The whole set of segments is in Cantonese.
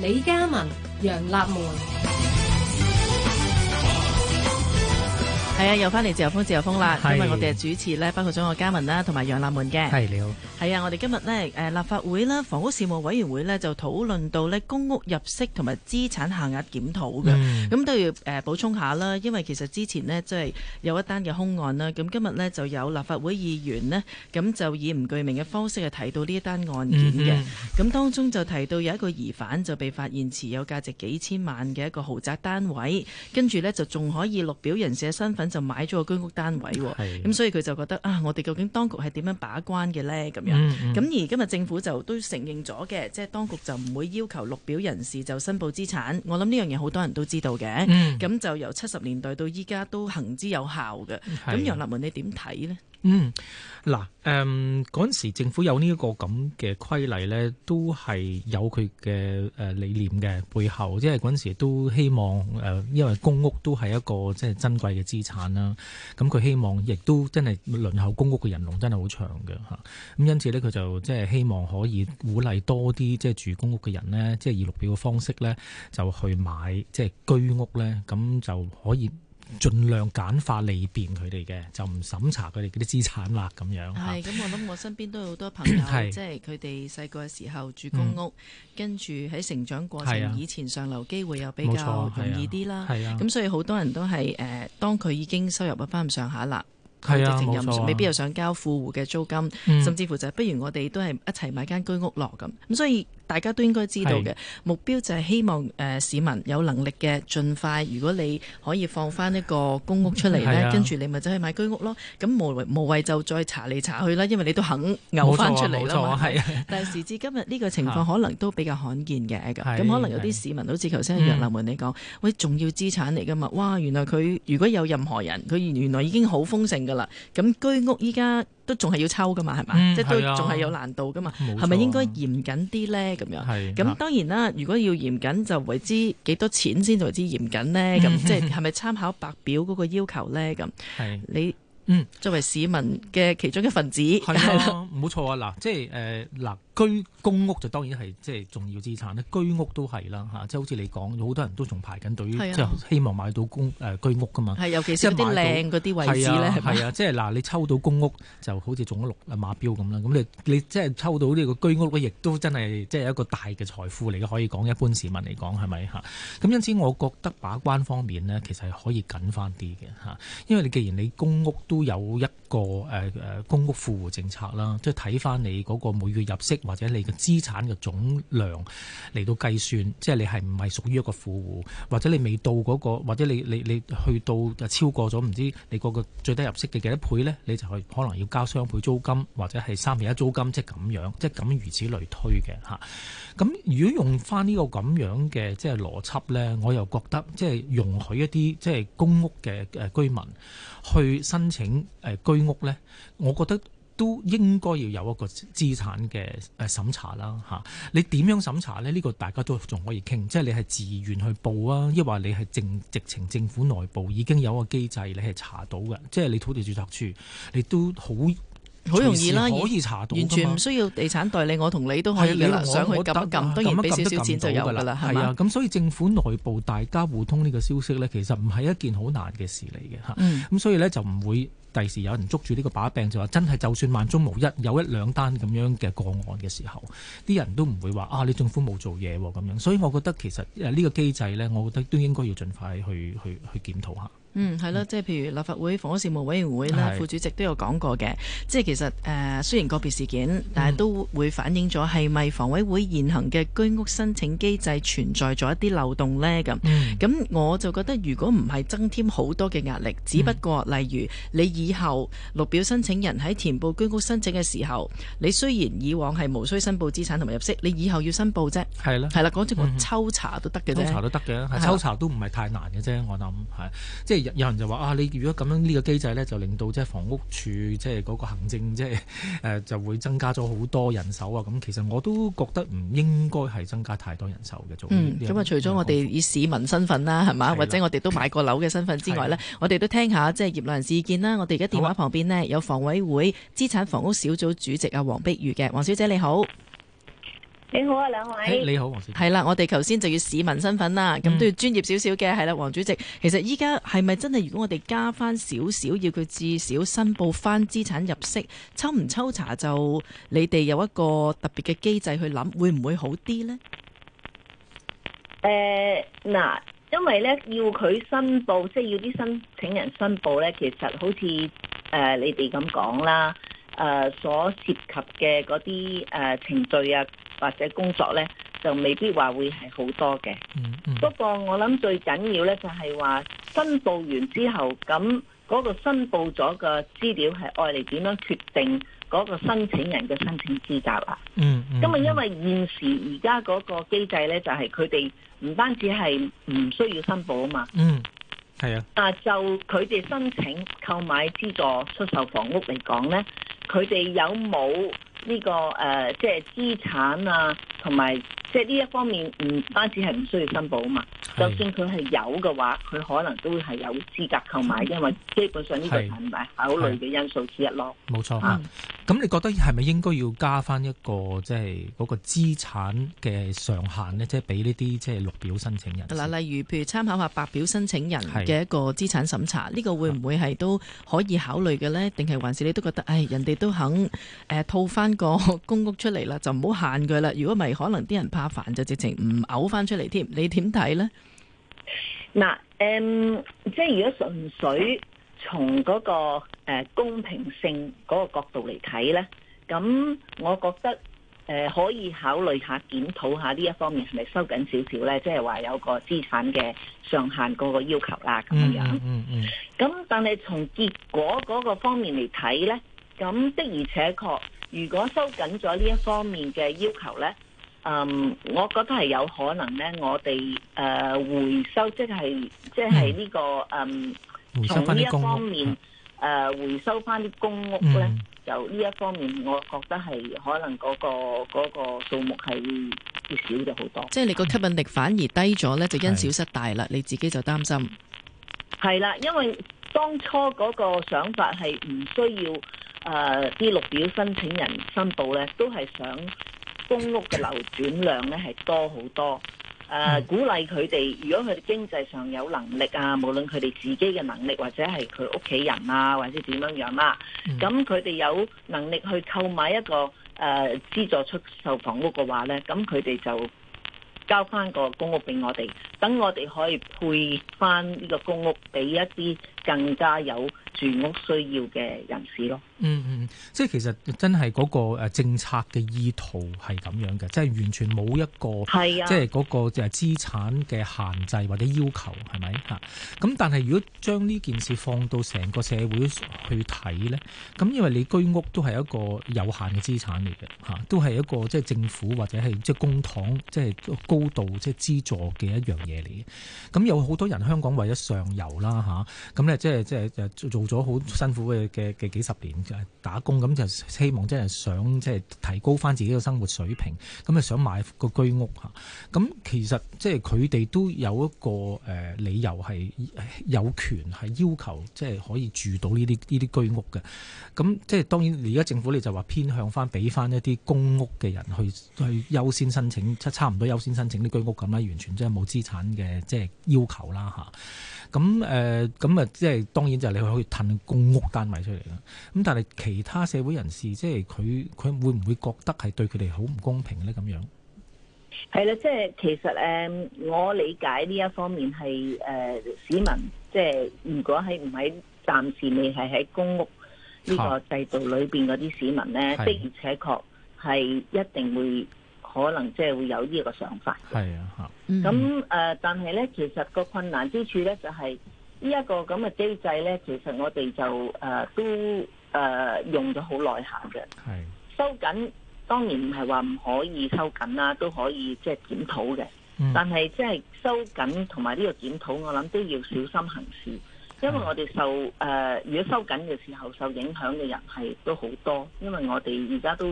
李嘉文、楊立門。係啊，又翻嚟自由風自由風啦。因為我哋嘅主持咧，包括咗我嘉文啦，同埋楊立門嘅。係你好。係啊，我哋今日呢、呃，立法會啦，房屋事務委員會呢，就討論到呢公屋入息同埋資產限額檢討嘅。咁、嗯、都要誒、呃、補充下啦，因為其實之前呢，即、就、係、是、有一單嘅凶案啦。咁今日呢，就有立法會議員呢，咁就以唔具名嘅方式去提到呢一單案件嘅。咁、嗯嗯、當中就提到有一個疑犯就被發現持有價值幾千萬嘅一個豪宅單位，跟住呢，就仲可以綠表人士嘅身份。就買咗個居屋單位喎，咁、嗯、所以佢就覺得啊，我哋究竟當局係點樣把關嘅呢？咁樣，咁而今日政府就都承認咗嘅，即係當局就唔會要求綠表人士就申報資產。我諗呢樣嘢好多人都知道嘅，咁、嗯嗯、就由七十年代到依家都行之有效嘅。咁楊立文你點睇呢？嗯，嗱，嗯，誒嗰陣時政府有呢一個咁嘅規例咧，都係有佢嘅誒理念嘅背後，即係嗰陣時都希望誒，因為公屋都係一個即係珍貴嘅資產啦。咁佢希望亦都真係輪候公屋嘅人龍真係好長嘅嚇。咁因此咧，佢就即係希望可以鼓勵多啲即係住公屋嘅人咧，即係以綠表嘅方式咧就去買即係居屋咧，咁就可以。盡量簡化利便佢哋嘅，就唔審查佢哋嗰啲資產啦，咁樣。係，咁我諗我身邊都有好多朋友， 即係佢哋細個嘅時候住公屋，嗯、跟住喺成長過程、啊、以前上樓機會又比較容易啲啦。係啊，咁所以好多人都係誒、呃，當佢已經收入啊翻唔上下啦，佢直情、啊、未必又想交富戶嘅租金、嗯，甚至乎就係不如我哋都係一齊買間居屋落咁，咁所以。大家都應該知道嘅目標就係希望誒、呃、市民有能力嘅，儘快。如果你可以放翻一個公屋出嚟咧，跟住你咪走去買居屋咯。咁無謂無謂就再查嚟查去啦，因為你都肯牛翻出嚟啦。冇錯，冇錯，係。但時至今日呢個情況可能都比較罕見嘅。咁可能有啲市民好似頭先楊立門你講、嗯，喂，重要資產嚟㗎嘛。哇，原來佢如果有任何人，佢原來已經好豐盛㗎啦。咁居屋依家。都仲係要抽噶嘛，係嘛、嗯？即係都仲係有難度噶嘛，係咪應該嚴謹啲咧？咁樣咁當然啦，如果要嚴謹，就為之幾多錢先為之嚴謹咧？咁、嗯、即係係咪參考白表嗰個要求咧？咁 你嗯作為市民嘅其中一份子，係咯，冇 是的 錯啊！嗱、就是，即係誒嗱。居公屋就當然係即係重要資產咧，居屋都係啦嚇，即係好似你講，好多人都仲排緊隊，啊、即係希望買到公誒、呃、居屋噶嘛。係尤其是啲靚嗰啲位置咧。係啊，啊，即係嗱，你抽到公屋就好似中咗六啊馬標咁啦，咁你你，你即係抽到呢個居屋亦都真係即係一個大嘅財富嚟嘅，可以講一般市民嚟講係咪嚇？咁因此，我覺得把關方面呢，其實係可以緊翻啲嘅嚇，因為你既然你公屋都有一個誒誒、呃、公屋富戶政策啦，即係睇翻你嗰個每月入息。或者你嘅資產嘅總量嚟到計算，即係你係唔係屬於一個富戶？或者你未到嗰個，或者你你你，你去到超過咗唔知你嗰個最低入息嘅幾多倍呢？你就可能要交雙倍租金，或者係三倍一租金，即係咁樣，即係咁如此類推嘅嚇。咁如果用翻呢個咁樣嘅即係邏輯呢，我又覺得即係容許一啲即係公屋嘅誒居民去申請誒居屋呢，我覺得。都應該要有一個資產嘅誒審查啦，嚇！你點樣審查咧？呢、呢個大家都仲可以傾，即係你係自願去報啊，抑或你係政直情政府內部已經有個機制，你係查到嘅，即係你土地註冊處，你都好好容易啦，可以查到的，完全唔需要地產代理，我同你都可以的，你想去撳一撳都要俾少少錢就有㗎啦，係啊，咁所以政府內部大家互通呢個消息咧，其實唔係一件好難嘅事嚟嘅嚇，咁、嗯、所以咧就唔會。第時有人捉住呢個把柄，就話真係就算萬中無一，有一兩單咁樣嘅個案嘅時候，啲人都唔會話啊你政府冇做嘢喎咁樣。所以我覺得其實誒呢個機制呢，我覺得都應該要盡快去去去檢討下。嗯，係咯，即係譬如立法會房屋事務委員會啦，副主席都有講過嘅，即係其實誒、呃，雖然個別事件，但係都會反映咗係咪房委會現行嘅居屋申請機制存在咗一啲漏洞咧？咁、嗯、咁我就覺得，如果唔係增添好多嘅壓力，只不過、嗯、例如你以後綠表申請人喺填報居屋申請嘅時候，你雖然以往係無需申報資產同埋入息，你以後要申報啫。係啦，係啦，講住我抽查都得嘅啫，抽查都得嘅，抽查都唔係太難嘅啫，我諗係，即係。有人就話啊，你如果咁樣呢個機制咧，就令到即係房屋處即係嗰個行政即係、就是呃、就會增加咗好多人手啊！咁其實我都覺得唔應該係增加太多人手嘅做咁、這、啊、個嗯嗯，除咗我哋以市民身份啦，係嘛，或者我哋都買過樓嘅身份之外呢，我哋都聽下即係業內人士意見啦。我哋而家電話旁邊呢、啊，有房委會資助房屋小組主席啊，黃碧如嘅，黃小姐你好。你好啊，兩位。Hey, 你好，黃生。係啦，我哋頭先就要市民身份啦，咁都要專業少少嘅。係啦，黃主席，其實依家係咪真係？如果我哋加翻少少，要佢至少申報翻資產入息，抽唔抽查就你哋有一個特別嘅機制去諗，會唔會好啲呢？誒，嗱，因為呢，要佢申報，即係要啲申請人申報呢。其實好似誒、呃、你哋咁講啦，誒、呃、所涉及嘅嗰啲誒程序啊。或者工作呢就未必話會係好多嘅。嗯，嗯，不過我諗最緊要呢就係話申報完之後，咁嗰個申報咗個資料係愛嚟點樣決定嗰個申請人嘅申請資格啊？嗯嗯。咁啊，因為現時而家嗰個機制呢，就係佢哋唔單止係唔需要申報啊嘛。嗯，係啊。啊，就佢哋申請購買資助出售房屋嚟講呢，佢哋有冇？呢、這個誒、呃，即係資產啊，同埋即係呢一方面，唔單止係唔需要申報啊嘛。就算佢係有嘅話，佢可能都會係有資格購買，因為基本上呢個係咪考慮嘅因素之一咯？冇錯啊。咁、嗯嗯、你覺得係咪應該要加翻一個即係嗰個資產嘅上限呢？即係俾呢啲即係綠表申請人嗱，例如譬如參考下白表申請人嘅一個資產審查，呢、這個會唔會係都可以考慮嘅呢？定係還是你都覺得誒、哎、人哋都肯誒、呃、套翻？個 公屋出嚟啦，就唔好限佢啦。如果唔係，可能啲人怕煩，就直情唔嘔翻出嚟添。你點睇呢？嗱，誒，即係如果純粹從嗰個誒公平性嗰個角度嚟睇呢，咁我覺得誒可以考慮下檢討下呢一方面係咪收緊少少呢？即係話有個資產嘅上限嗰個要求啦，咁樣。嗯嗯嗯。咁、 嗯嗯 嗯嗯、但係從結果嗰個方面嚟睇呢，咁的而且確。如果收緊咗呢一方面嘅要求咧，嗯，我覺得係有可能咧，我哋誒回收即係即係呢個誒，從呢一方面誒回收翻啲公屋咧，就呢一方面，我覺得係可能嗰個嗰個數目係會少咗好多。即係你個吸引力反而低咗咧，就因小失大啦，你自己就擔心。係啦，因為當初嗰個想法係唔需要。誒、呃，啲綠表申請人申報咧，都係想公屋嘅流轉量咧係多好多。誒、呃，鼓勵佢哋，如果佢哋經濟上有能力啊，無論佢哋自己嘅能力或者係佢屋企人啊，或者點樣樣、啊、啦，咁佢哋有能力去購買一個誒、呃、資助出售房屋嘅話咧，咁佢哋就交翻個公屋俾我哋。等我哋可以配翻呢個公屋俾一啲更加有住屋需要嘅人士咯。嗯嗯，即係其實真係嗰個誒政策嘅意圖係咁樣嘅，即係完全冇一個即係嗰個誒資產嘅限制或者要求係咪嚇？咁但係如果將呢件事放到成個社會去睇咧，咁因為你居屋都係一個有限嘅資產嚟嘅嚇，都係一個即係政府或者係即係公帑即係高度即係資助嘅一樣。嘢嚟嘅，咁有好多人香港為咗上游啦吓，咁咧即係即係做做咗好辛苦嘅嘅嘅幾十年嘅打工，咁就希望即係想即係提高翻自己嘅生活水平，咁啊想買個居屋吓，咁其實即係佢哋都有一個誒理由係有權係要求即係可以住到呢啲呢啲居屋嘅，咁即係當然而家政府你就話偏向翻俾翻一啲公屋嘅人去去優先申請，差差唔多優先申請啲居屋咁啦，完全即係冇資產。嘅即係要求啦吓，咁誒咁啊，即、呃、係、就係、當然就係你可以騰公屋單位出嚟啦。咁但係其他社會人士，即係佢佢會唔會覺得係對佢哋好唔公平咧？咁樣，係啦，即係其實誒、呃、我理解呢一方面係誒、呃、市民，即係如果係唔喺暫時未係喺公屋呢個制度裏邊嗰啲市民咧，的而且確係一定會。可能即係會有呢個想法。係啊，吓、嗯。咁誒、呃，但係咧，其實個困難之處咧，就係、是、呢一個咁嘅機制咧，其實我哋就誒、呃、都誒、呃、用咗好耐下嘅。係、啊、收緊，當然唔係話唔可以收緊啦，都可以即係檢討嘅。但係即係收緊同埋呢個檢討，我諗都要小心行事，啊、因為我哋受誒、呃，如果收緊嘅時候受影響嘅人係都好多，因為我哋而家都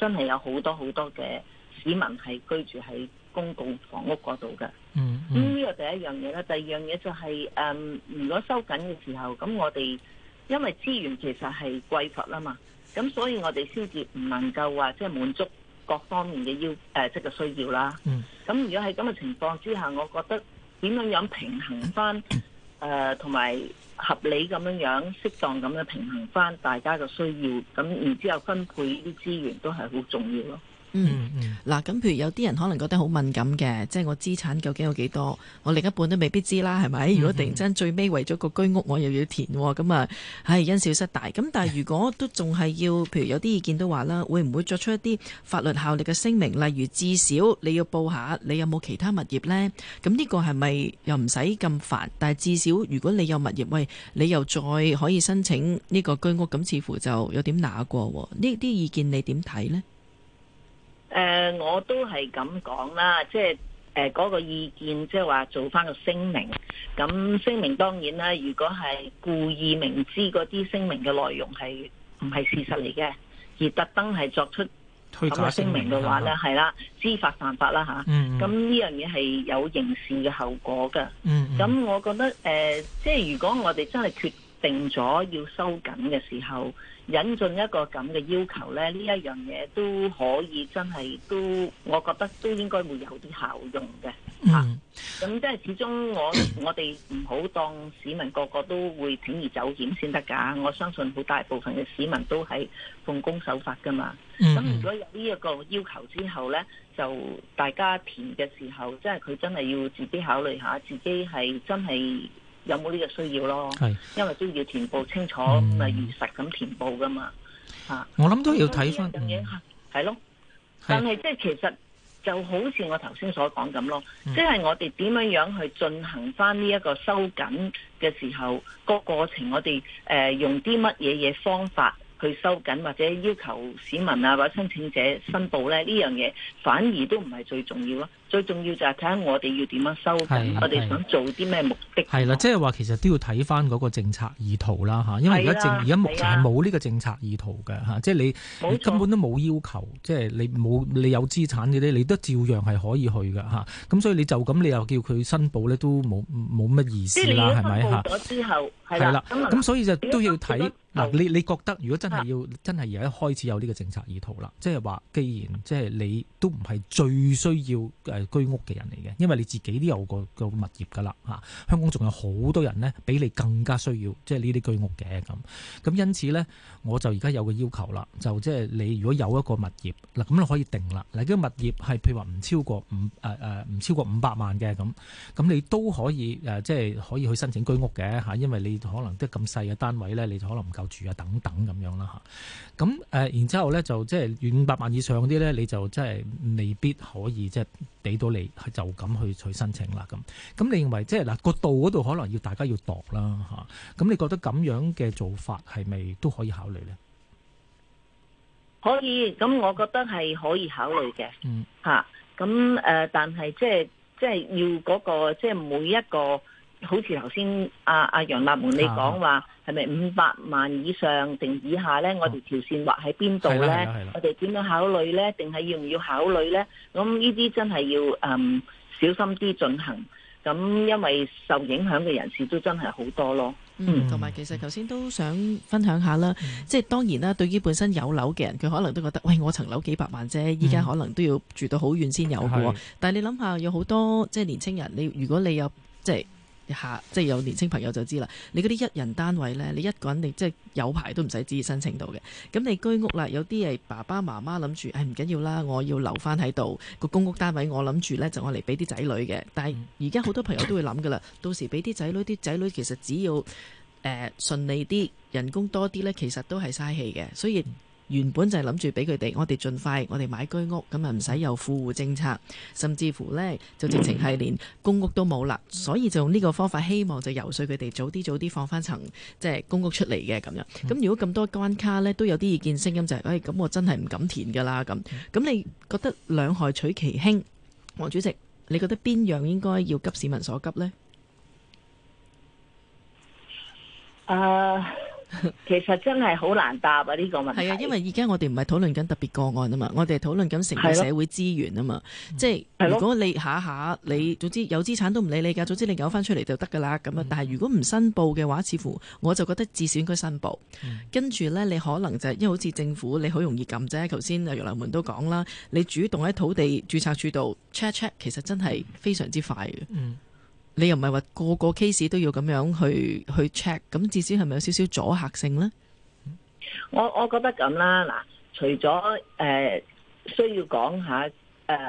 真係有好多好多嘅。市民係居住喺公共房屋嗰度嘅，咁呢個第一樣嘢啦。第二樣嘢就係誒，如果收緊嘅時候，咁我哋因為資源其實係匱乏啊嘛，咁所以我哋先至唔能夠話即係滿足各方面嘅要誒即係嘅需要啦。咁如果喺咁嘅情況之下，我覺得點樣樣平衡翻誒同埋合理咁樣樣適當咁樣平衡翻大家嘅需要，咁然之後分配啲資源都係好重要咯。嗯，嗱，咁譬如有啲人可能覺得好敏感嘅，即係我資產究竟有幾多？我另一半都未必知啦，係咪？如果突然間最尾為咗個居屋，我又要填，咁啊，唉，因小失大。咁但係如果都仲係要，譬如有啲意見都話啦，會唔會作出一啲法律效力嘅聲明，例如至少你要報下你有冇其他物業呢？咁呢個係咪又唔使咁煩？但係至少如果你有物業，喂，你又再可以申請呢個居屋，咁似乎就有點拿過。呢啲意見你點睇呢？誒、呃，我都係咁講啦，即係誒嗰個意見，即係話做返個聲明。咁聲明當然啦，如果係故意明知嗰啲聲明嘅內容係唔係事實嚟嘅，而特登係作出咁嘅聲明嘅話咧，係啦，知法犯法啦吓。啊、嗯嗯、咁呢樣嘢係有刑事嘅後果噶。嗯嗯、咁我覺得誒、呃，即係如果我哋真係決定咗要收緊嘅時候。引進一個咁嘅要求咧，呢一樣嘢都可以真係都，我覺得都應該會有啲效用嘅。嗯，咁、啊、即係始終我 我哋唔好當市民個個都會鋌而走險先得噶。我相信好大部分嘅市民都係奉公守法噶嘛。咁、嗯、如果有呢一個要求之後咧，就大家填嘅時候，即係佢真係要自己考慮下，自己係真係。有冇呢個需要咯？係，因為都要填報清楚咁、嗯、啊，如實咁填報噶嘛嚇。我諗都要睇翻，係咯。但係即係其實就好似我頭先所講咁咯，即、就、係、是、我哋點樣樣去進行翻呢一個收緊嘅時候，個、嗯、過程，我哋誒、呃、用啲乜嘢嘢方法去收緊，或者要求市民啊或者申請者申報咧，呢、嗯、樣嘢反而都唔係最重要啊。最重要就係睇下我哋要點樣收緊，我哋想做啲咩目的？係啦，即係話其實都要睇翻嗰個政策意圖啦，吓，因為而家政而家目前係冇呢個政策意圖嘅吓，即係你你根本都冇要求，即係、就是、你冇你有資產嘅，啲，你都照樣係可以去㗎。吓。咁所以你就咁，你又叫佢申報咧，都冇冇乜意思啦，係咪吓？係啦，咁所以就都要睇嗱，你你覺得如果真係要、啊、真係而家開始有呢個政策意圖啦，即係話既然即係你都唔係最需要。係居屋嘅人嚟嘅，因為你自己都有個個物業噶啦，吓、啊、香港仲有好多人咧，比你更加需要即係呢啲居屋嘅咁。咁、啊、因此咧，我就而家有個要求啦，就即係你如果有一個物業嗱，咁你可以定啦嗱，啲、啊這個、物業係譬如話唔超過五誒誒唔超過五百萬嘅咁，咁你都可以誒即係可以去申請居屋嘅吓、啊，因為你可能啲咁細嘅單位咧，你就可能唔夠住啊等等咁樣啦吓。咁、啊、誒、啊，然之後咧就即係五百萬以上啲咧，你就即係未必可以即係。就是畀到你，就咁去取申請啦。咁，咁你認為即係嗱、個度嗰度可能要大家要度啦吓。咁你覺得咁樣嘅做法係咪都可以考慮咧？可以，咁我覺得係可以考慮嘅。嗯，吓，咁誒，但係即係、那個、即係要嗰個即係每一個。好似頭先阿阿楊立門你講話，係咪五百萬以上定以下呢？我哋條線劃喺邊度呢？我哋點樣考慮呢？定係要唔要考慮呢？咁呢啲真係要嗯小心啲進行。咁因為受影響嘅人士都真係好多咯、嗯。嗯，同埋其實頭先都想分享下啦。即係當然啦，對於本身有樓嘅人，佢可能都覺得喂，我層樓幾百萬啫，依家可能都要住到好遠先有嘅。嗯、但係你諗下，有好多即係年青人，你如果你有即係。下即係有年青朋友就知啦，你嗰啲一人單位呢，你一個人你即係有排都唔使自己申請到嘅。咁你居屋啦，有啲係爸爸媽媽諗住，誒唔緊要啦，我要留翻喺度個公屋單位，我諗住呢，就我嚟俾啲仔女嘅。但係而家好多朋友都會諗噶啦，到時俾啲仔女，啲仔女其實只要誒、呃、順利啲，人工多啲呢，其實都係嘥氣嘅，所以。原本就係諗住俾佢哋，我哋盡快，我哋買居屋，咁啊唔使有富戶政策，甚至乎呢，就直情係連公屋都冇啦，所以就用呢個方法，希望就遊說佢哋早啲早啲放翻層即係公屋出嚟嘅咁樣。咁如果咁多關卡呢，都有啲意見聲音就係、是，喂、哎，咁我真係唔敢填噶啦咁。咁你覺得兩害取其輕，黃主席，你覺得邊樣應該要急市民所急呢？啊、uh...。 其實真係好難答啊！呢、這個問題係啊， 因為而家我哋唔係討論緊特別個案啊嘛，我哋係討論緊成個社會資源啊嘛，即係如果你下下你總之有資產都唔理你噶，總之你搞翻出嚟就得噶啦咁啊。但係如果唔申報嘅話，似乎我就覺得至少應該申報。嗯、跟住咧，你可能就係、是、因為好似政府你好容易撳啫，頭先啊楊立門都講啦，你主動喺土地注冊處度 check check，其實真係非常之快嘅。嗯你又唔係話個個 case 都要咁樣去去 check，咁至少係咪有少少阻嚇性呢？我我覺得咁啦，嗱，除咗誒需要講下誒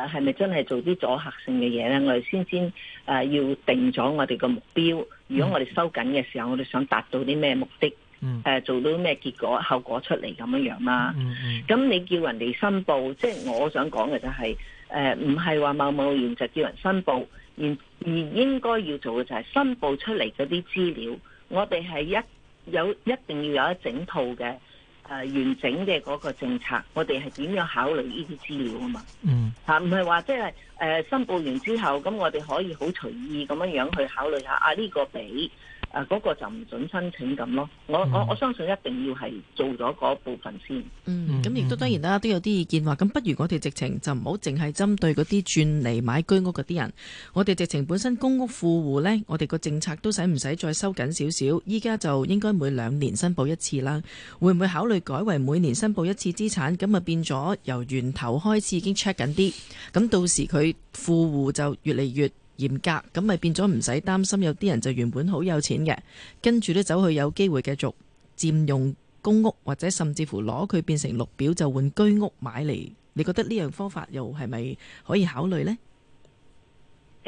係咪真係做啲阻嚇性嘅嘢咧，我哋先先誒、呃、要定咗我哋個目標。如果我哋收緊嘅時候，我哋想達到啲咩目的？誒、嗯呃，做到咩結果、後果出嚟咁樣樣啦。咁、嗯嗯、你叫人哋申報，即係我想講嘅就係、是、誒，唔係話貿貿然就叫人申報而。然而應該要做嘅就係申報出嚟嗰啲資料，我哋係一有一定要有一整套嘅誒、呃、完整嘅嗰個政策，我哋係點樣考慮呢啲資料啊嘛？嗯、啊，嚇唔係話即係誒申報完之後，咁我哋可以好隨意咁樣樣去考慮一下啊呢、呢個俾。誒、啊，嗰、那個就唔准申請咁咯。我、嗯、我我相信一定要係做咗嗰部分先。嗯、咁、嗯、亦、嗯、都當然啦，都有啲意見話，咁不如我哋直情就唔好淨係針對嗰啲轉嚟買居屋嗰啲人。我哋直情本身公屋富戶呢，我哋個政策都使唔使再收緊少少？依家就應該每兩年申報一次啦，會唔會考慮改為每年申報一次資產？咁啊變咗由源頭開始已經 check 緊啲。咁到時佢富戶就越嚟越嚴格咁咪變咗唔使擔心有啲人就原本好有錢嘅，跟住呢，走去有機會繼續佔用公屋，或者甚至乎攞佢變成綠表就換居屋買嚟。你覺得呢樣方法又係咪可以考慮呢？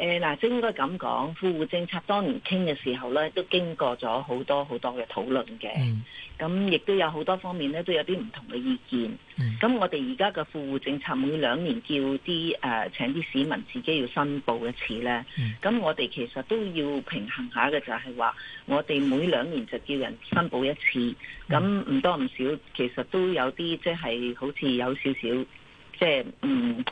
誒、呃、嗱，即係應該咁講，富戶政策當年傾嘅時候咧，都經過咗好多好多嘅討論嘅。咁、mm. 亦都有好多方面咧，都有啲唔同嘅意見。咁、mm. 我哋而家嘅富戶政策每兩年叫啲誒、呃、請啲市民自己要申報一次咧。咁、mm. 我哋其實都要平衡下嘅，就係話我哋每兩年就叫人申報一次，咁唔多唔少，其實都有啲即係好似有少少即係嗯。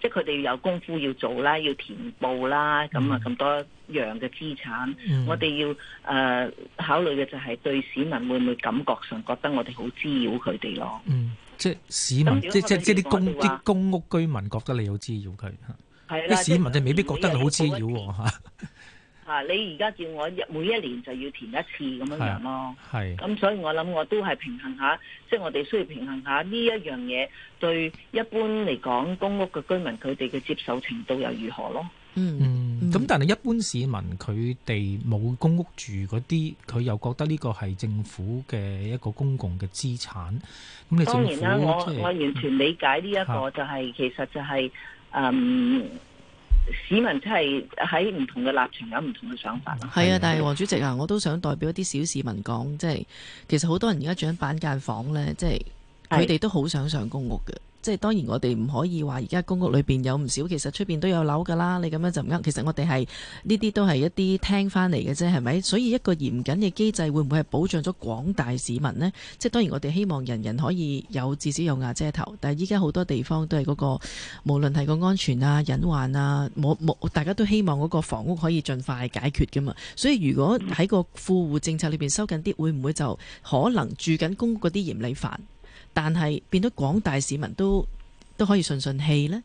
即係佢哋有功夫要做啦，要填報啦，咁啊咁多樣嘅資產，嗯、我哋要誒、呃、考慮嘅就係對市民會唔會感覺上覺得我哋好滋擾佢哋咯？嗯，即係市民，即即即啲公啲公屋居民覺得你好滋擾佢吓，係啊，啲市民就未必覺得你好滋擾喎吓。嗯啊！你而家叫我每一年就要填一次咁樣樣咯，係。咁所以我諗我都係平衡下，即係我哋需要平衡下呢一樣嘢，對一般嚟講公屋嘅居民佢哋嘅接受程度又如何咯？嗯。嗯。咁、嗯、但係一般市民佢哋冇公屋住嗰啲，佢又覺得呢個係政府嘅一個公共嘅資產。咁你政府當然啦、啊，我、我完全理解呢一個就係、其實就係、嗯。市民真係喺唔同嘅立場有唔同嘅想法咯。係啊，但係黃主席啊，我都想代表一啲小市民講，即係其實好多人而家住緊板間房呢，即係佢哋都好想上公屋嘅。即係當然，我哋唔可以話而家公屋裏面有唔少，其實出面都有樓㗎啦。你咁樣就唔啱，其實我哋係呢啲都係一啲聽翻嚟嘅啫，係咪？所以一個嚴謹嘅機制會唔會係保障咗廣大市民呢？即係當然，我哋希望人人可以有至少有瓦遮頭。但係依家好多地方都係嗰個，無論係個安全啊、隱患啊，冇冇大家都希望嗰個房屋可以盡快解決㗎嘛。所以如果喺個富戶政策裏面收緊啲，會唔會就可能住緊公屋嗰啲嫌你煩？但係，變到廣大市民都都可以順順氣呢。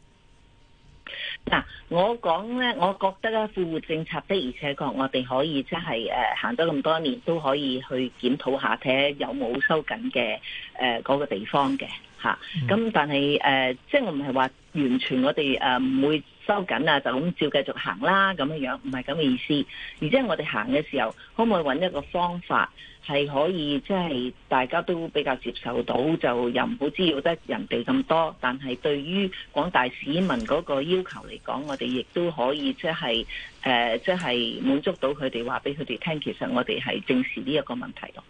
嗱、啊，我講呢，我覺得呢，富戶政策的而且確，我哋可以即係誒行咗咁多年，都可以去檢討下，睇下有冇收緊嘅誒嗰個地方嘅嚇。咁、嗯啊、但係誒、呃，即係我唔係話完全我哋誒唔會。收緊啊，就咁照繼續行啦，咁樣樣唔係咁嘅意思。而即係我哋行嘅時候，可唔可以揾一個方法，係可以即係、就是、大家都比較接受到，就又唔好知要得人哋咁多，但係對於廣大市民嗰個要求嚟講，我哋亦都可以即係，誒、就是，即係滿足到佢哋話俾佢哋聽，其實我哋係正視呢一個問題嘅。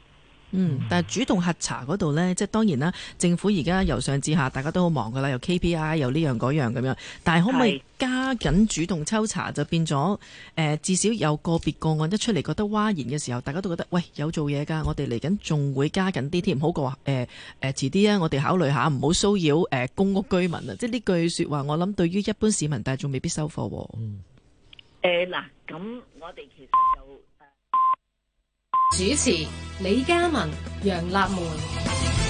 嗯，但係主動核查嗰度呢，即係當然啦。政府而家由上至下，大家都好忙噶啦，又 KPI 又呢樣嗰樣咁樣。但係可唔可以加緊主動抽查，就變咗誒、呃、至少有個別個案一出嚟覺得嘩然嘅時候，大家都覺得喂有做嘢㗎，我哋嚟緊仲會加緊啲添，唔、嗯、好講話誒誒遲啲啊，我哋考慮下，唔好騷擾誒、呃、公屋居民啊、嗯。即係呢句説話，我諗對於一般市民，但係仲未必收貨喎。嗱、嗯，咁、uh，我哋其實就。主持：李嘉文、楊立梅。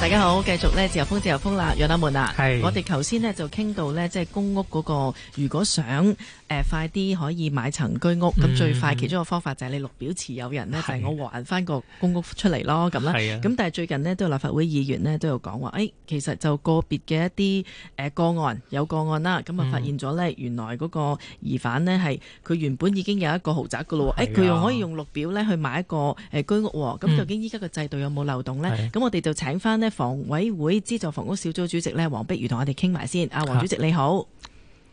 大家好，繼續咧自由風自由風啦，養眼們啦係我哋頭先呢，就傾到咧，即係公屋嗰、那個，如果想誒、呃、快啲可以買層居屋，咁、嗯、最快其中一個方法就係你綠表持有人咧，係、就是、我還返個公屋出嚟咯，咁咧，咁、啊、但係最近呢，都有立法會議員呢，都有講話，誒其實就個別嘅一啲誒個案有個案啦，咁啊發現咗咧，原來嗰個疑犯呢，係佢原本已經有一個豪宅噶咯，誒佢、啊哎、又可以用綠表咧去買一個誒居屋，咁究竟依家個制度有冇漏洞咧？咁、嗯、我哋就請返呢。房委會資助房屋小組主席咧，黃碧如同我哋傾埋先。阿、啊、黃主席你好，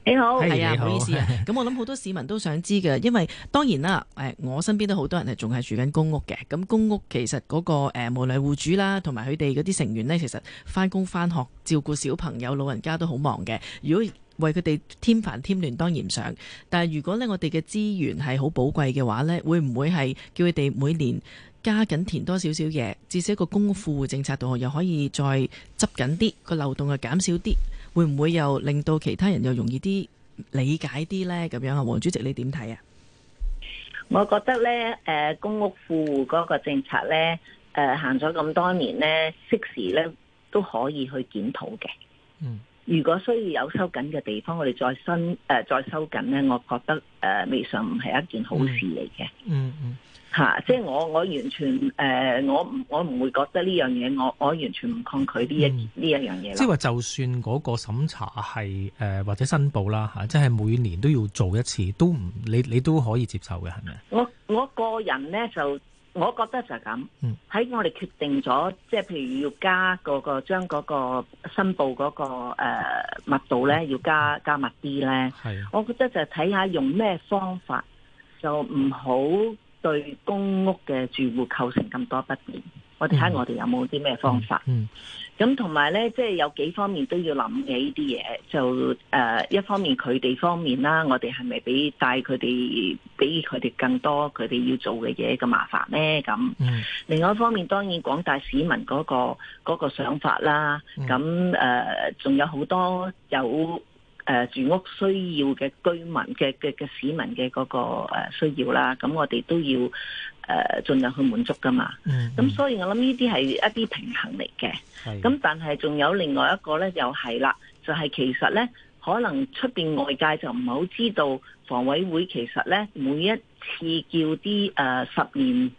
你好係啊，唔好， 好意思啊。咁我諗好多市民都想知嘅，因為當然啦，誒、哎，我身邊都好多人係仲係住緊公屋嘅。咁公屋其實嗰、那個誒、呃，無論戶主啦，同埋佢哋嗰啲成員呢，其實翻工翻學照顧小朋友、老人家都好忙嘅。如果為佢哋添煩添亂，當然唔想。但係如果咧，我哋嘅資源係好寶貴嘅話呢，會唔會係叫佢哋每年？加緊填多少少嘢，至少個公屋富戶政策度又可以再執緊啲，個漏洞又減少啲，會唔會又令到其他人又容易啲理解啲呢？咁樣啊，黃主席你點睇啊？我覺得呢誒、呃、公屋富戶嗰個政策呢，誒、呃、行咗咁多年呢，適時呢都可以去檢討嘅。嗯，如果需要有收緊嘅地方，我哋再新誒、呃、再收緊呢，我覺得誒、呃、未嘗唔係一件好事嚟嘅。嗯嗯。嗯。吓、啊！即係我我完全誒、呃，我我唔會覺得呢樣嘢，我我完全唔抗拒呢一呢、嗯、一樣嘢即係話，就算嗰個審查係誒、呃、或者申報啦嚇、啊，即係每年都要做一次，都唔你你都可以接受嘅，係咪？我我個人咧就，我覺得就係咁。喺我哋決定咗，即係譬如要加嗰、那個將嗰個申報嗰、那個、呃、密度咧，要加加密啲咧。係、啊。我覺得就睇下用咩方法，就唔好、嗯。對公屋嘅住戶構成咁多不便，我睇下我哋有冇啲咩方法。咁同埋咧，即係有幾方面都要諗嘅呢啲嘢，就誒、呃，一方面佢哋方面啦，我哋係咪俾帶佢哋，俾佢哋更多佢哋要做嘅嘢嘅麻煩咧？咁、嗯，另外一方面，當然廣大市民嗰、那個嗰、那個想法啦，咁、嗯、誒，仲、呃、有好多有。誒、呃，住屋需要嘅居民嘅嘅嘅市民嘅嗰、那個誒、呃、需要啦，咁我哋都要誒盡、呃、量去滿足噶嘛。嗯，咁所以我諗呢啲係一啲平衡嚟嘅。咁、mm-hmm. 但係仲有另外一個咧，又係啦，就係、是、其實咧，可能出邊外界就唔係好知道，房委會其實咧每一次叫啲誒十年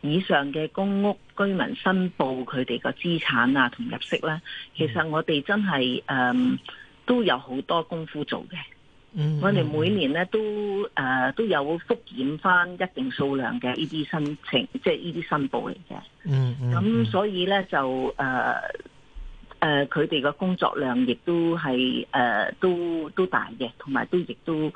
以上嘅公屋居民申報佢哋個資產啊同入息咧，其實我哋真係誒。呃都有好多功夫做嘅，mm-hmm. 我哋每年咧都誒、呃、都有復檢翻一定數量嘅呢啲申請，即係呢啲申報嚟嘅。咁、mm-hmm. 所以咧就誒。呃誒、呃，佢哋嘅工作量亦都係誒、呃，都都大嘅，同埋都亦、呃、都、呃就是，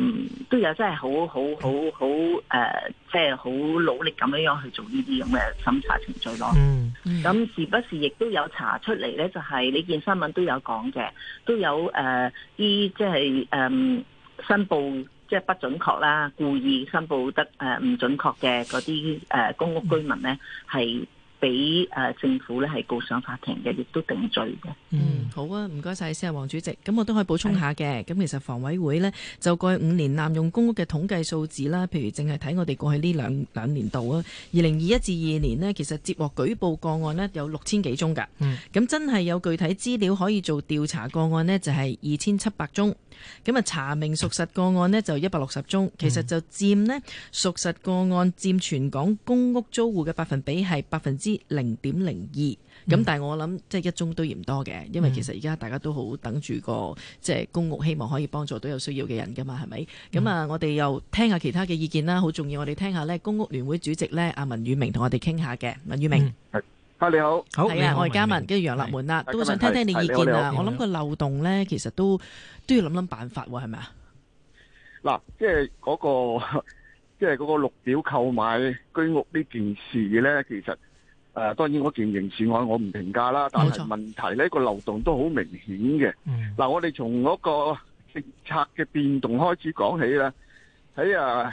嗯，都有真係好好好好，誒，即係好努力咁樣樣去做呢啲咁嘅審查程序咯。咁時不時亦都有查出嚟咧，就係、是、你見新聞都有講嘅，都有誒啲即係誒申報即係、就是、不準確啦，故意申報得誒唔、呃、準確嘅嗰啲誒公屋居民咧係。是俾誒政府咧係告上法庭嘅，亦都定罪嘅。嗯，好啊，唔該晒，先啊，黃主席。咁我都可以補充下嘅。咁其實房委會呢，就過去五年濫用公屋嘅統計數字啦，譬如淨係睇我哋過去呢兩兩年度啊，二零二一至二年呢，其實接獲舉報個案呢，有六千幾宗㗎。嗯，咁真係有具體資料可以做調查個案呢，就係二千七百宗。咁啊，查明屬實個案呢，就一百六十宗，其實就佔呢，屬實個案佔全港公屋租戶嘅百分比係百分之零點零二。咁但係我諗即係一宗都嫌多嘅，因為其實而家大家都好等住個即係、就是、公屋，希望可以幫助到有需要嘅人㗎嘛，係咪？咁、嗯、啊，我哋又聽下其他嘅意見啦。好重要，我哋聽下呢，公屋聯會主席呢，阿文裕明同我哋傾下嘅，文裕明、嗯啊，你好！好係啊，我係嘉文，跟住楊立門啦，都想聽聽你意見啊。我諗個漏洞咧，其實都都要諗諗辦法，係咪啊？嗱，即係嗰個，即係嗰個綠表購買居屋呢件事咧，其實誒，當然我件刑事案我唔評價啦，但係問題咧，個漏洞都好明顯嘅。嗱，我哋從嗰個政策嘅變動開始講起啦，喺啊，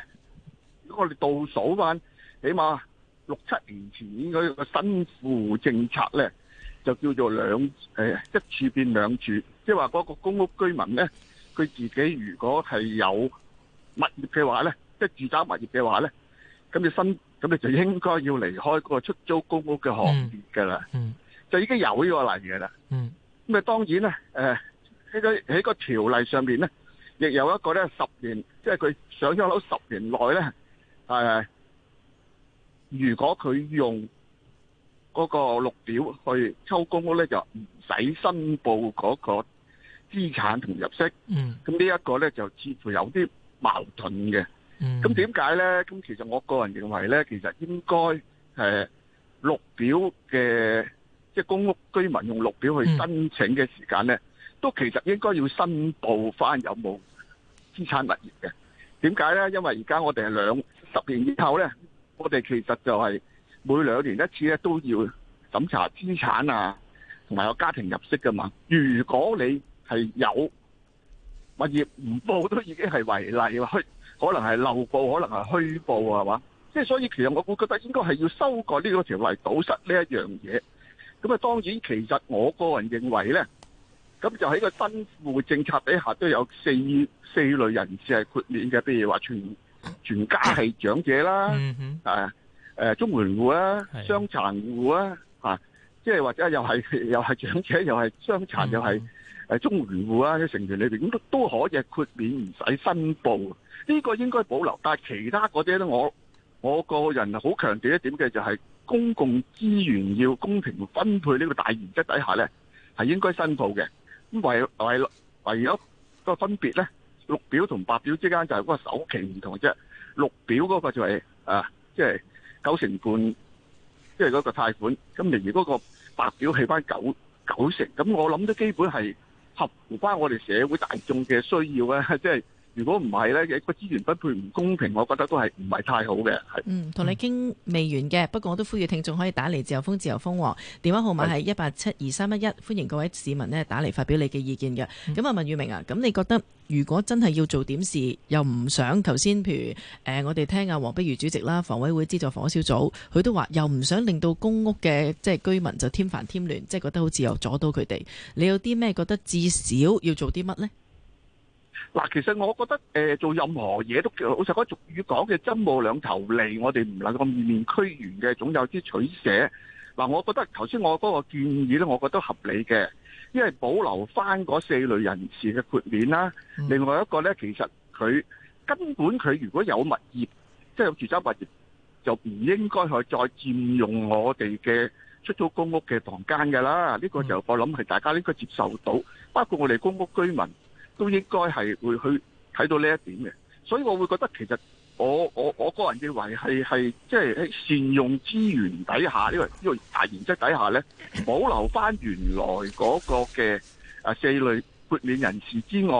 如果我哋倒數翻，起碼。六七年前應該個新富戶政策咧，就叫做兩誒一次變兩處，即係話嗰個公屋居民咧，佢自己如果係有物業嘅話咧，即係住宅物業嘅話咧，咁你新咁你就應該要離開嗰個出租公屋嘅行業㗎啦，就已經有呢個例㗎啦。咁啊當然咧，誒喺個喺個條例上邊咧，亦有一個咧十年，即係佢上咗樓十年內咧，誒。如果佢用嗰個綠表去抽公屋咧，就唔使申報嗰個資產同入息。嗯。咁呢一個咧就似乎有啲矛盾嘅。嗯。咁點解咧？咁其實我個人認為咧，其實應該誒綠表嘅即係公屋居民用綠表去申請嘅時間咧，都其實應該要申報翻有冇資產物業嘅。點解咧？因為而家我哋係兩十年之後咧。我哋其實就係每兩年一次咧，都要審查資產啊，同埋有家庭入息噶嘛。如果你係有物業唔報，都已經係違例，去可能係漏報，可能係虛報啊，係嘛？即係所以，其實我覺得應該係要修改呢個條例，堵塞呢一樣嘢。咁啊，當然其實我個人認為咧，咁就喺個新富戶政策底下，都有四四類人士係豁免嘅，比如話全。全家係長者啦，誒、嗯啊呃，綜援戶啦，傷殘戶啦，吓、啊，即係或者又係又係長者，又係傷殘，又係誒綜援戶啊喺成員裏邊，咁都，都可以豁免唔使申報。呢、這個應該保留，但係其他嗰啲咧，我我個人好強調一點嘅就係公共資源要公平分配呢個大原則底下咧，係應該申報嘅。咁為為為咗個分別咧。綠表同白表之間就係嗰個首期唔同啫，綠表嗰個就係啊，即係九成半，即係嗰個貸款。咁而如果個白表起翻九九成，咁我諗都基本係合乎翻我哋社會大眾嘅需要咧，即係。如果唔係呢，一個資源分配唔公平，我覺得都係唔係太好嘅。嗯，同你傾未完嘅，不過我都呼籲聽眾可以打嚟自由風自由風王，電話號碼係一八七二三一一，歡迎各位市民咧打嚟發表你嘅意見嘅。咁、嗯、啊，阿文裕明啊，咁你覺得如果真係要做點事，又唔想頭先譬如誒、呃，我哋聽阿黃碧如主席啦，房委會資助房屋小組，佢都話又唔想令到公屋嘅即係居民就添煩添亂，即、就、係、是、覺得好似又阻到佢哋。你有啲咩覺得至少要做啲乜呢？嗱，其實我覺得誒做任何嘢都其實老實講嗰俗語講嘅針冇兩頭利，我哋唔能夠面面俱圓嘅，總有啲取捨。嗱，我覺得頭先我嗰個建議咧，我覺得合理嘅，因為保留翻嗰四類人士嘅豁免啦。另外一個咧，其實佢根本佢如果有物業，即係有住宅物業，就唔應該去再佔用我哋嘅出租公屋嘅房間㗎啦。呢個就我諗係大家應該接受到，包括我哋公屋居民。都應該係會去睇到呢一點嘅，所以我會覺得其實我我我個人認為係係即係善用資源底下，因為呢個大原則底下呢，保留翻原來嗰個嘅啊四類豁免人士之外，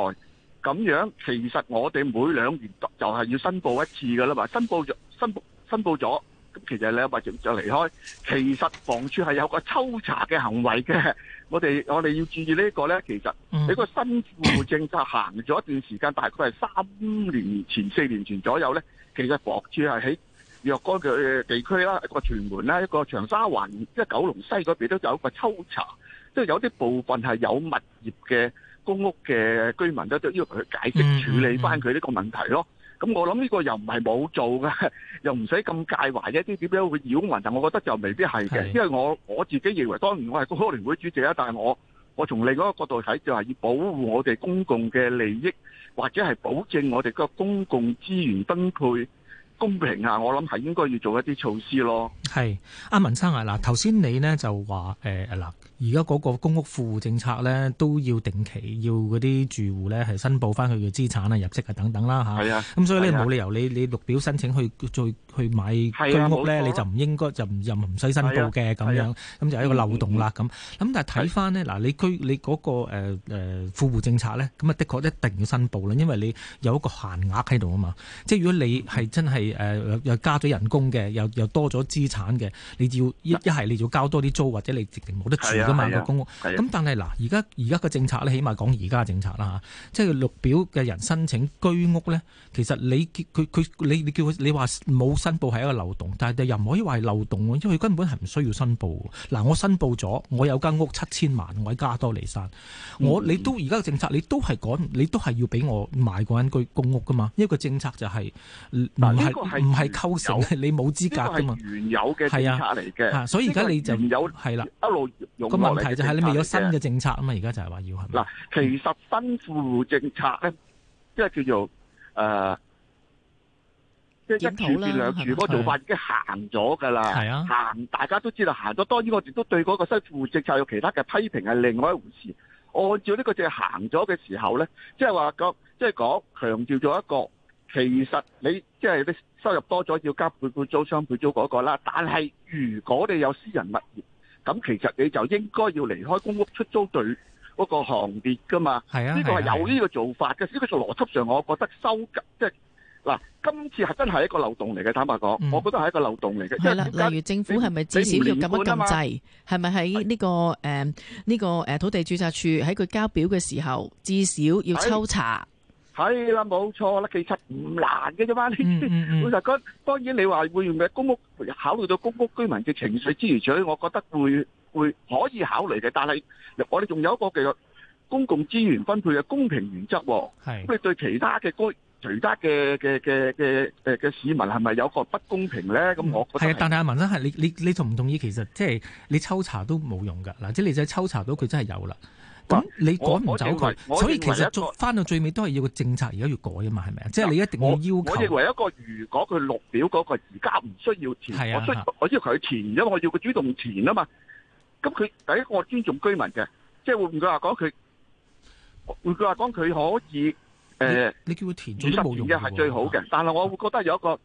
咁樣其實我哋每兩年就係要申報一次㗎啦嘛，申報咗申報申報咗。其實你有物業就離開，其實房署係有個抽查嘅行為嘅。我哋我哋要注意呢個咧，其實你、mm-hmm. 個新戶政策行咗一段時間，大概係三年前、四年前左右咧。其實房署係喺若干嘅地區啦，一個屯門啦，一個長沙灣，即係九龍西嗰邊都有一個抽查，即係有啲部分係有物業嘅公屋嘅居民都都要去解釋處理翻佢呢個問題咯。Mm-hmm. 咁我諗呢個又唔係冇做嘅，又唔使咁介懷一啲點樣會擾民，但係我覺得就未必係嘅，因為我我自己認為，當然我係個聯會主席啦，但係我我從另外一個角度睇，就係要保護我哋公共嘅利益，或者係保證我哋個公共資源分配公平啊，我諗係應該要做一啲措施咯。係，阿文生啊，嗱頭先你咧就話誒嗱。而家嗰個公屋富戶政策咧，都要定期要嗰啲住戶咧係申報翻佢嘅資產啊、入息啊等等啦啊，咁、啊、所以咧冇理由你你綠表申請去再去，去買居屋咧、啊，你就唔應該就唔唔使申報嘅咁、啊、樣，咁、啊、就係一個漏洞啦咁。咁、嗯嗯、但係睇翻呢，嗱，你居你嗰、那個誒誒富戶政策咧，咁啊的確一定要申報啦，因為你有一個限額喺度啊嘛。即係如果你係真係誒、呃、又加咗人工嘅，又又多咗資產嘅，你要一一係你要交多啲租，或者你直情冇得住、啊。咁個公屋，咁但係嗱，而家而家嘅政策咧，起碼講而家嘅政策啦嚇，即係綠表嘅人申請居屋咧，其實你佢佢你你叫你話冇申報係一個漏洞，但係又唔可以話係漏洞喎，因為根本係唔需要申報。嗱、啊，我申報咗，我有間屋七千萬，我喺加多利山，嗯、我你都而家嘅政策，你都係講，你都係要俾我買嗰間居公屋噶嘛？因為個政策就係唔係唔係構成你冇資格㗎嘛？原有嘅政策嚟嘅，所以而家你就係啦，一路問題就係你未有新嘅政策啊嘛，而家就係話要。嗱，其實新富戶政策咧，即係叫做誒、呃，即係一柱變兩柱嗰個做法已經行咗噶啦。係啊，行大家都知道行咗。當然我哋都對嗰個新富戶政策有其他嘅批評係另外一回事。按照呢個嘅行咗嘅時候咧，即係話講，即係講強調咗一個，其實你即係你收入多咗要加倍半租、雙倍租嗰，那個啦。但係如果你有私人物業。咁其實你就應該要離開公屋出租隊嗰個行列㗎嘛？係啊，呢個係有呢個做法嘅。呢個從邏輯上，我覺得收緊即係嗱，今次係真係一個漏洞嚟嘅。坦白講，我覺得係一個漏洞嚟嘅。係啦，例如政府係咪至少要咁樣制？係咪喺呢個誒呢個誒土地註冊處喺佢交表嘅時候，至少要抽查？係、哎、啦，冇錯啦，其實唔難嘅啫嘛。我就講當然你話會用嘅公屋考慮到公屋居民嘅情緒之餘，所以我覺得會會可以考慮嘅。但係我哋仲有一個做公共資源分配嘅公平原則。係咁，嗯、你對其他嘅居其他嘅嘅嘅嘅嘅市民係咪有個不公平咧？咁我覺得係啊、嗯，但係阿文生係你你你同唔同意？其實即係你抽查都冇用㗎嗱，即係你再抽查到佢真係有啦。咁你趕唔走佢，所以其實翻到最尾都係要個政策而家要改啊嘛，係咪啊？即係、就是、你一定要要求。我，我認為一個如果佢綠表嗰個而家唔需要填，啊，我需要我要佢填，因為我要佢主動填啊嘛。咁佢第一我尊重居民嘅，即係換句話講，佢換句話講佢可以誒，你叫佢填，主動填嘅係最好嘅，啊，但係我會覺得有一個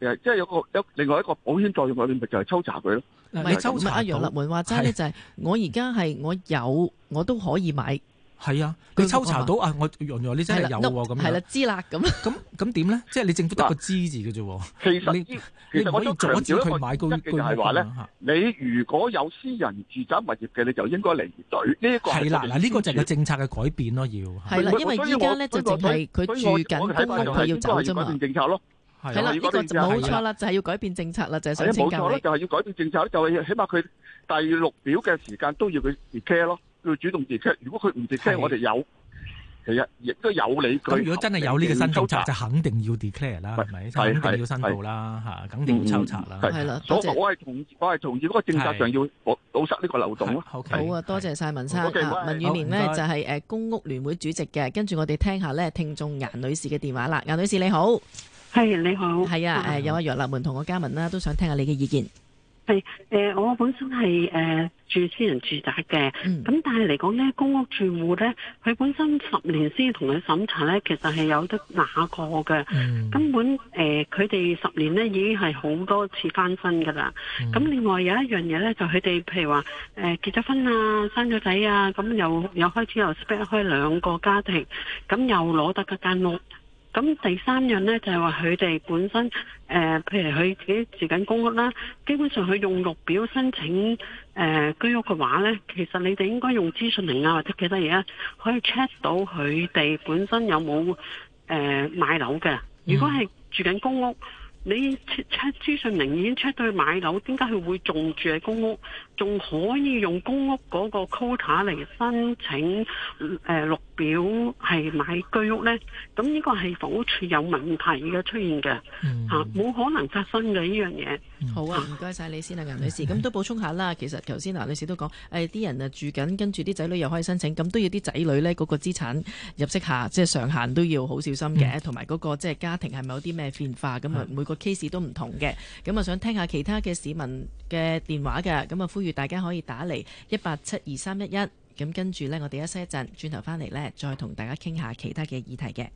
即、就、係、是、有個有另外一個保險作用嘅入面，咪就係抽查佢咯。唔係，阿楊立門話齋呢，就係、是啊就是、我而家係我有，我都可以買。係啊，他那個、你抽查到啊，我原來你真係有咁樣。係啦，知啦咁。咁咁點咧？即係、 就是、你政府得個資字嘅啫。其實，你，你你可以阻止佢做咗一買高一係話咧，你如果有私人住宅物業嘅，你就應該離隊。呢、這、一個係啦，嗱，呢、這個就係政策嘅改變咯，要係啦，因為依家咧就淨係佢住緊公屋，佢、就是就是、要走啫嘛。係啦，如果冇錯啦，就係、是、要改變政策啦。就係想請教冇錯啦，就係要改變政策，就係、是就是就是、起碼佢第六表嘅時間都要佢 declare 咯，要主動 declare。如果佢唔 declare，我哋有其啊，亦都有你佢。理他如果真係有呢個新政策，就肯定要 declare 啦，係咪、啊？肯定要新造啦，嚇、啊，肯定抽查啦，係啦、啊。所我係同我係同意嗰個政策上要堵塞呢個漏洞咯。好啊，啊，多謝晒文、啊、生、啊生啊、文宇明呢，就係誒公屋聯會主席嘅，跟住我哋聽下咧聽眾顏女士嘅電話啦。顏女士你好。係、hey, 你好，係啊，誒、呃，有阿楊立文同我嘉文啦，都想聽下你嘅意見。係誒、呃，我本身係誒、呃、住私人住宅嘅，咁、嗯、但係嚟講咧，公屋住戶咧，佢本身十年先至同佢審查咧，其實係有得拿過嘅，根本誒佢哋十年咧已經係好多次翻身噶啦。咁、嗯、另外有一樣嘢咧，就佢哋譬如話誒、呃、結咗婚啊，生咗仔啊，咁、嗯、又又開始又 split 開,開兩個家庭，咁又攞得一間屋。咁第三樣呢，就係話佢哋本身誒、呃，譬如佢自己住緊公屋啦，基本上佢用綠表申請誒、呃、居屋嘅話呢，其實你哋應該用資訊名啊，或者其他嘢啊，可以 check 到佢哋本身有冇誒、呃、買樓嘅，如果係住緊公屋。你出出資訊明已經出到去買樓，點解佢會仲住喺公屋，仲可以用公屋嗰個 quota 嚟申請誒綠、呃、表係買居屋咧？咁呢個係房屋處有問題嘅出現嘅，嚇、嗯、冇、啊、可能發生嘅呢樣嘢。好啊，唔該晒你先啊，黃女士。咁、嗯、都補充下啦，嗯、其實頭先黃女士都講誒啲人啊住緊，跟住啲仔女又可以申請，咁都要啲仔女咧嗰個資產入息下，即係上限都要好小心嘅，同埋嗰個即係、就是、家庭係咪有啲咩變化咁啊？每個 case 都唔同嘅，咁啊想聽下其他嘅市民嘅電話嘅，咁啊呼籲大家可以打嚟一八七二三一一，咁跟住咧，我哋休息一陣轉頭翻嚟咧，再同大家傾下其他嘅議題嘅。